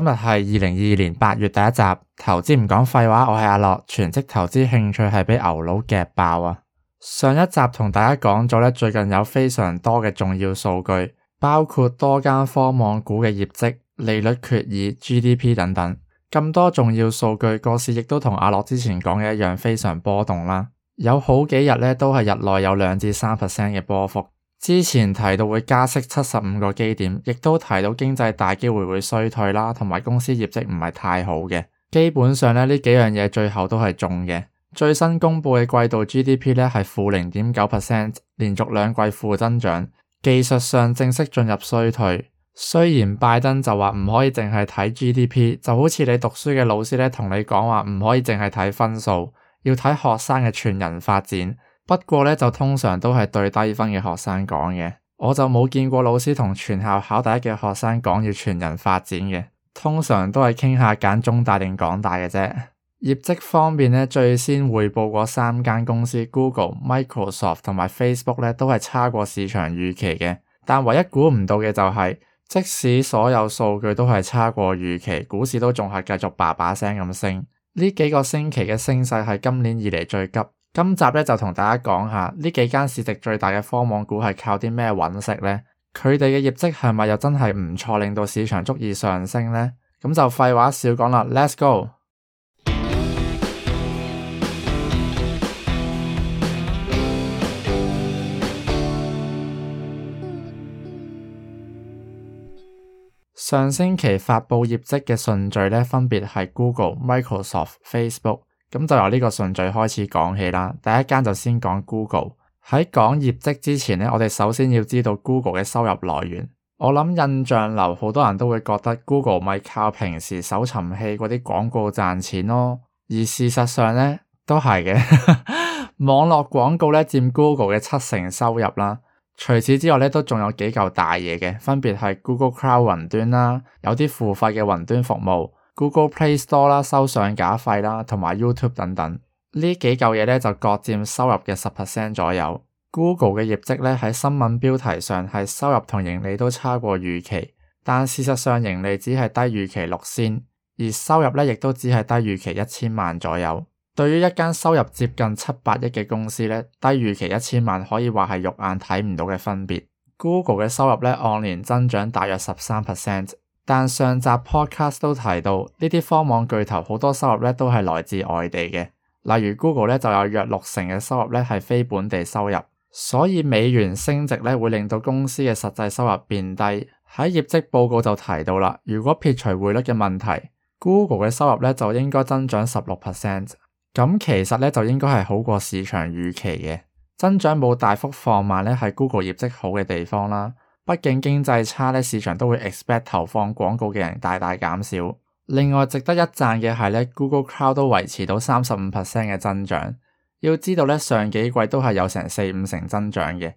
今日係二零二二年八月第一集，投資唔講廢話，我係阿樂，全職投資，興趣係畀牛佬夾爆啊！上一集同大家講咗咧，最近有非常多嘅重要數據，包括多間科網股嘅業績、利率決議、GDP 等等。咁多重要數據，個市亦都同阿樂之前講嘅一樣，非常波動啦，有好幾日咧都係日內有兩至三 percent 嘅波幅。之前提到會加息七十五個基點，亦都提到經濟大機會會衰退啦，同埋公司業績唔係太好嘅。基本上呢，呢幾樣嘢最後都係中嘅。最新公布嘅季度 GDP 呢係負零點九 percent，連續兩季負增長，技術上正式進入衰退。雖然拜登就話唔可以淨係睇 GDP，就好似你讀書嘅老師呢同你講話：唔可以淨係睇分數，要睇學生嘅全人發展。不過呢，就通常都係對低分嘅學生講嘅，我就冇見過老師同全校考第一嘅學生講要全人發展嘅，通常都係傾下揀中大定港大嘅啫。業績方面呢，最先匯報嗰三間公司 Google、Microsoft 同埋 Facebook 呢，都係差過市場預期嘅，但唯一估唔到嘅就係，即使所有數據都係差過預期，股市都仲係繼續叭叭聲咁升。呢幾個星期嘅升勢係今年以嚟最急。今集咧，就同大家講下呢幾間市值最大嘅科網股係靠啲咩揾食呢？佢哋嘅業績係咪又真係唔錯，令到市場足以上升呢？咁就廢話少講啦，Let's go！上星期發佈業績嘅順序咧，分別係 Google、Microsoft、Facebook。咁就由呢個順序開始講起啦。第一間就先講 Google。喺講業績之前呢，我哋首先要知道 Google 嘅收入來源。我諗印象流好多人都會覺得 Google 咪靠平時搜尋器嗰啲廣告賺錢咯。而事實上呢都係嘅， 網絡廣告咧佔 Google 嘅七成收入啦。除此之外咧都仲有幾嚿大嘢嘅，分別係 Google Cloud 雲端啦，有啲付費嘅雲端服務。Google Play Store 啦，收上架費啦，同埋 YouTube 等等，呢幾嚿嘢咧就各佔收入嘅十 percent 左右。Google 嘅業績咧喺新聞標題上係收入同盈利都差過預期，但事實上盈利只係低預期六仙，而收入咧亦都只係低預期一千萬左右。對於一間收入接近七百億嘅公司咧，低預期一千萬可以話係肉眼睇唔到嘅分別。Google 嘅收入咧按年增長大約十三 percent。但上集 podcast 都提到，呢啲科網巨頭好多收入呢都係來自外地嘅，例如 Google 呢就有約六成嘅收入呢係非本地收入，所以美元升值呢會令到公司嘅實際收入變低。喺業績報告就提到啦，如果撇除匯率嘅問題，Google 嘅收入呢就應該增長十六 percent，咁其實呢就應該係好過市場預期嘅，增長冇大幅放慢呢係 Google 業績好嘅地方啦。畢竟經濟差咧，市場都會 expect 投放廣告嘅人大大減少。另外值得一讚嘅係咧，Google Cloud 都維持到三十五 percent 嘅增長。要知道咧，上幾季都係有成四五成增長嘅，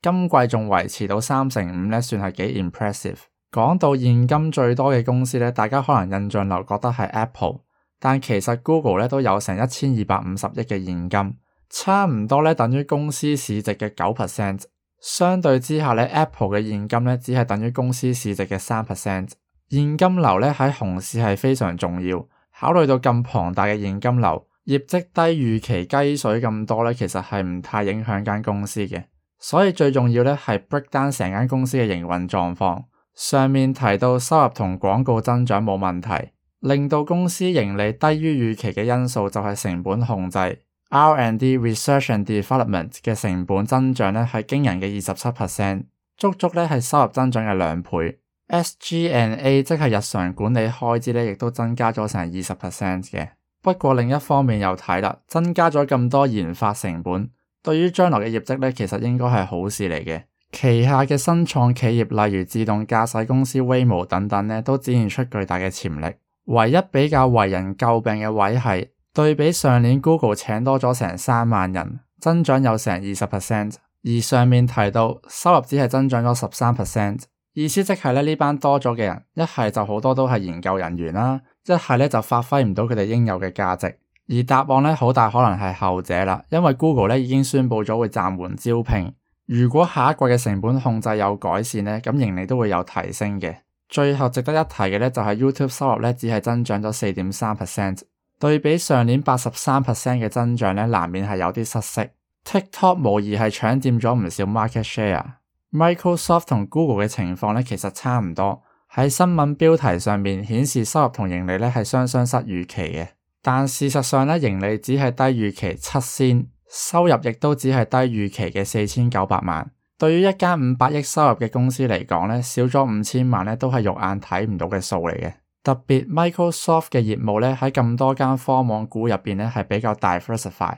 今季仲維持到三成五咧，算係幾 impressive。講到現金最多嘅公司咧，大家可能印象流覺得係 Apple，但其實 Google 咧都有成一千二百五十億嘅現金，差唔多咧等於公司市值嘅九 percent。相對之下 Apple 嘅現金只係等於公司市值嘅三 percent。現金流咧喺熊市係非常重要。考慮到咁龐大嘅現金流，業績低預期雞水咁多其實係唔太影響間公司嘅。所以最重要咧係 break down 成間公司嘅營運狀況。上面提到收入同廣告增長冇問題，令到公司盈利低於預期嘅因素就係成本控制。R&D research and development 嘅成本增長咧係驚人嘅二十七 percent，足足咧係收入增長嘅兩倍。SG&A 即係日常管理開支咧，亦都增加咗成二十 percent 嘅。不過另一方面又睇啦，增加咗咁多研發成本，對於將來嘅業績咧，其實應該係好事嚟嘅。旗下嘅新創企業，例如自動駕駛公司 Waymo 等等咧，都展現出巨大嘅潛力。唯一比較為人詬病嘅位係。對比上年，Google 請多咗成三萬人，增長有成二十 percent，而上面提到收入只係增長咗十三 percent，意思即係咧，呢班多咗嘅人一係就好多都係研究人員啦，一係咧就發揮唔到佢哋應有嘅價值，而答案咧好大可能係後者啦，因為 Google 已經宣佈咗會暫緩招聘，如果下一季嘅成本控制有改善咧，咁盈利都會有提升嘅。最後值得一提嘅，呢就係 YouTube 收入咧只係增長咗四點三 percent。。對比上年八十三 percent 嘅增長咧，難免係有啲失色。TikTok 無疑係搶佔咗唔少 market share。Microsoft 同 Google 嘅情況咧，其實差唔多。喺新聞標題上面顯示收入同盈利咧係雙雙失預期嘅，但事實上咧盈利只係低預期七仙，收入亦都只係低預期嘅四千九百萬。對於一間五百億收入嘅公司嚟講咧，少咗五千萬咧都係肉眼睇唔到嘅數嚟嘅。特別 Microsoft 嘅業務咧，喺咁多間科網股入邊咧，係比較 diversified，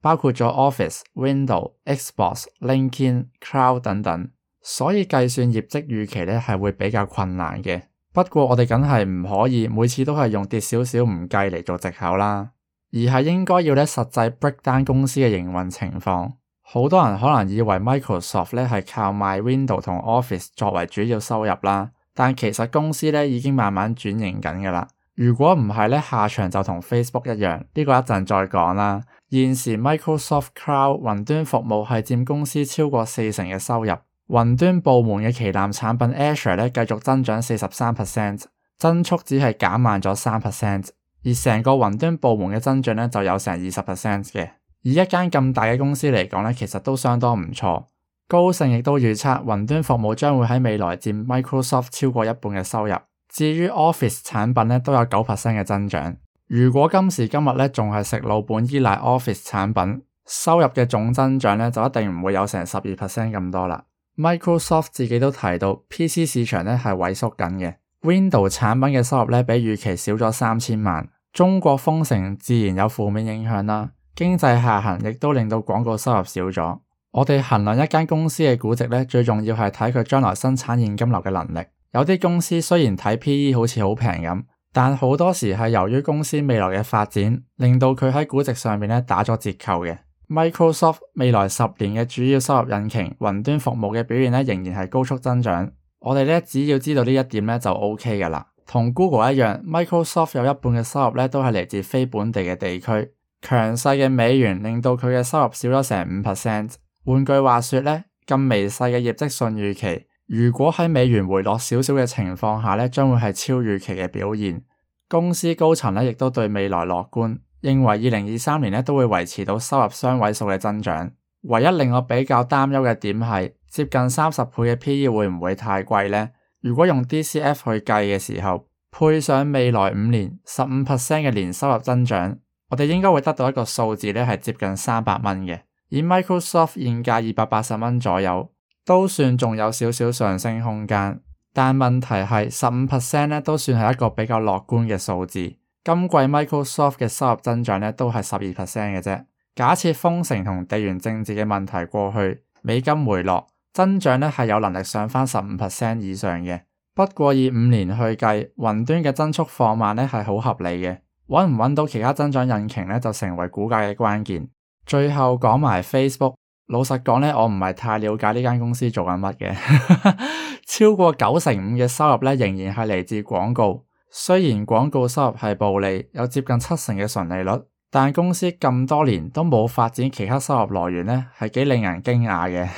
包括咗 Office、Window、Xbox、LinkedIn、Cloud 等等，所以計算業績預期咧，係會比較困難嘅。不過我哋梗係唔可以每次都係用跌少少唔計嚟做藉口啦，而係應該要睇實際 breakdown 公司嘅營運情況。好多人可能以為 Microsoft 咧，係靠賣 Window 同 Office 作為主要收入啦。但其實公司咧已經慢慢轉型緊嘅啦。如果唔係咧，下場就同 Facebook 一樣。呢個一陣再講啦。現時 Microsoft Cloud 雲端服務係佔公司超過四成嘅收入。雲端部門嘅旗艦產品 Azure 繼續增長四十三 percent，增速只係減慢咗三 percent。而成個雲端部門嘅增長咧就有成二十 percent 嘅。以一間咁大嘅公司嚟講咧，其實都相當唔錯。高盛亦都預測，雲端服務將會喺未來佔 Microsoft 超過一半嘅收入。至於 Office 產品咧，都有九 percent 嘅增長。如果今時今日咧仲係食老本，依賴 Office 產品收入嘅總增長咧，就一定唔會有成十二 percent 咁多啦。Microsoft 自己都提到，PC 市場咧係萎縮緊嘅，Window 產品嘅收入咧比預期少咗三千萬。中國封城自然有負面影響啦，經濟下行亦都令到廣告收入少咗。我哋衡量一間公司嘅估值呢，最重要係睇佢將來生產現金流嘅能力。有啲公司雖然睇 PE 好似好平咁，但好多時係由於公司未來嘅發展，令到佢喺估值上面呢打咗折扣嘅。Microsoft 未來十年嘅主要收入引擎雲端服務嘅表現呢，仍然係高速增長。我哋呢，只要知道呢一點呢，就 OK 㗎喇。同 Google 一樣，Microsoft 有一半嘅收入呢，都係嚟自非本地嘅地區，強勢嘅美元令到佢嘅收入少咗成五 percent。換句話說呢，咁微細嘅業績失預期，如果喺美元回落少少嘅情況下呢，將會係超預期嘅表現。公司高層呢亦都對未來樂觀，認為二零二三年呢都會維持到收入雙位數嘅增長。唯一令我比較擔憂嘅點係，接近三十倍嘅 PE 會唔會太貴呢？如果用 DCF 去計嘅時候，配上未來五年十五 percent 嘅年收入增長，我哋應該會得到一個數字呢，係接近三百蚊嘅。以 Microsoft 現價二百八十蚊左右，都算仲有少少上升空間。但問題係十五 percent 咧，都算係一個比較樂觀嘅數字。今季 Microsoft 嘅收入增長咧，都係十二 percent 嘅啫。假設封城同地緣政治嘅問題過去，美金回落，增長咧係有能力上返十五 percent 以上嘅。不過以五年去計，雲端嘅增速放慢咧係好合理嘅。搵唔搵到其他增長引擎呢？就成為股價嘅關鍵。最後講埋 Facebook，老實講呢，我唔係太了解呢間公司做緊乜嘅。 超過九成五嘅收入呢，仍然係嚟自廣告。雖然廣告收入係暴利，有接近七成嘅純利率，但公司咁多年都冇發展其他收入來源呢，係幾令人驚訝嘅。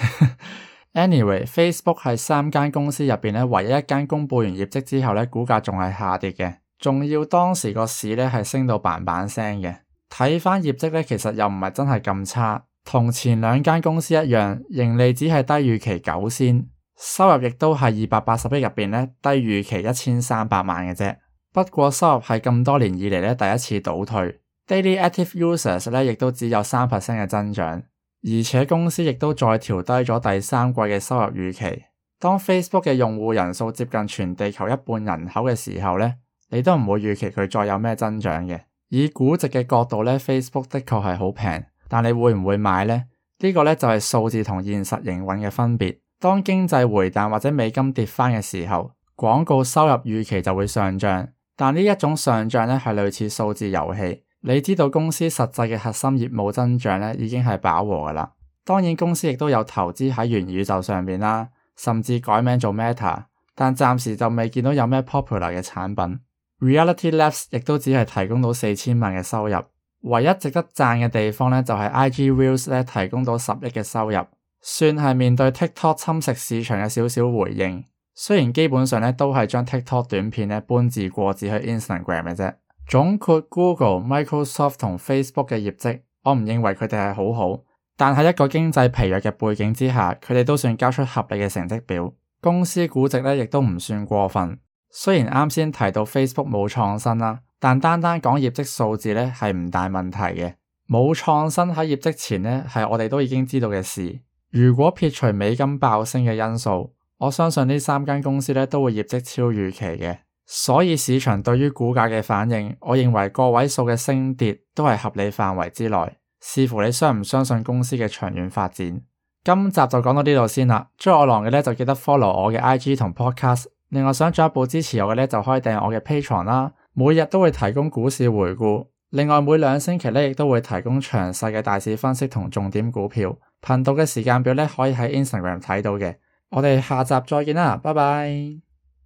Anyway，Facebook 係三間公司入邊咧，唯一一間公布完業績之後呢，股價仲係下跌嘅，仲要當時個市呢係升到嘭嘭聲嘅。睇返業績呢，其實又唔係真係咁差，同前兩間公司一樣，盈利只係低預期九仙，收入亦都係二百八十億入面低預期一千三百萬嘅啫。不過收入係咁多年以嚟第一次倒退持人，Daily Active Users 呢亦都只有三 percent 嘅增長，而且公司亦都再調低咗第三季嘅收入預期。當 Facebook 嘅用戶人數接近全地球一半人口嘅時候呢，你都唔會預期佢再有咩增長嘅。以估值嘅角度呢，Facebook 的確係好平，但你會唔會買呢？呢、呢個咧就係數字同現實營運嘅分別。當經濟回彈或者美金跌翻嘅時候，廣告收入預期就會上漲，但呢一種上漲呢，係類似數字遊戲。你知道公司實際嘅核心業務增長呢，已經係飽和噶啦。當然公司亦都有投資喺元宇宙上面啦，甚至改名做 Meta，但暫時就未見到有咩 popular 嘅產品。Reality Labs 亦都只係提供到四千萬嘅收入，唯一值得讚嘅地方咧就係 IG Reels 咧提供到十億嘅收入，算係面對 TikTok 侵蝕市場嘅少少回應。雖然基本上咧都係將 TikTok 短片咧搬字過紙去 Instagram 嘅啫。總括 Google、Microsoft 同 Facebook 嘅業績，我唔認為佢哋係好好，但喺一個經濟疲弱嘅背景之下，佢哋都算交出合理嘅成績表，公司估值咧亦都唔算過分。雖然啱先提到 Facebook 冇創新啦，但單單講業績數字呢係唔大問題嘅。冇創新喺業績前呢係我哋都已經知道嘅事。如果撇除美金爆升嘅因素，我相信呢三間公司呢都會業績超預期嘅。所以市場對於股價嘅反應，我認為個位數嘅升跌都係合理範圍之內。視乎你相唔相信公司嘅長遠發展。今集就講到呢度先啦。追我狼嘅呢，就記得 follow 我嘅 IG 同 Podcast。另外想進一步支持我嘅呢，就可以訂閱我嘅 Patreon 啦。每日都會提供股市回顧，另外每兩星期呢，亦都會提供詳細嘅大市分析同重點股票。頻道嘅時間表呢，可以喺 Instagram 睇到嘅。我哋下集再見啦，拜拜。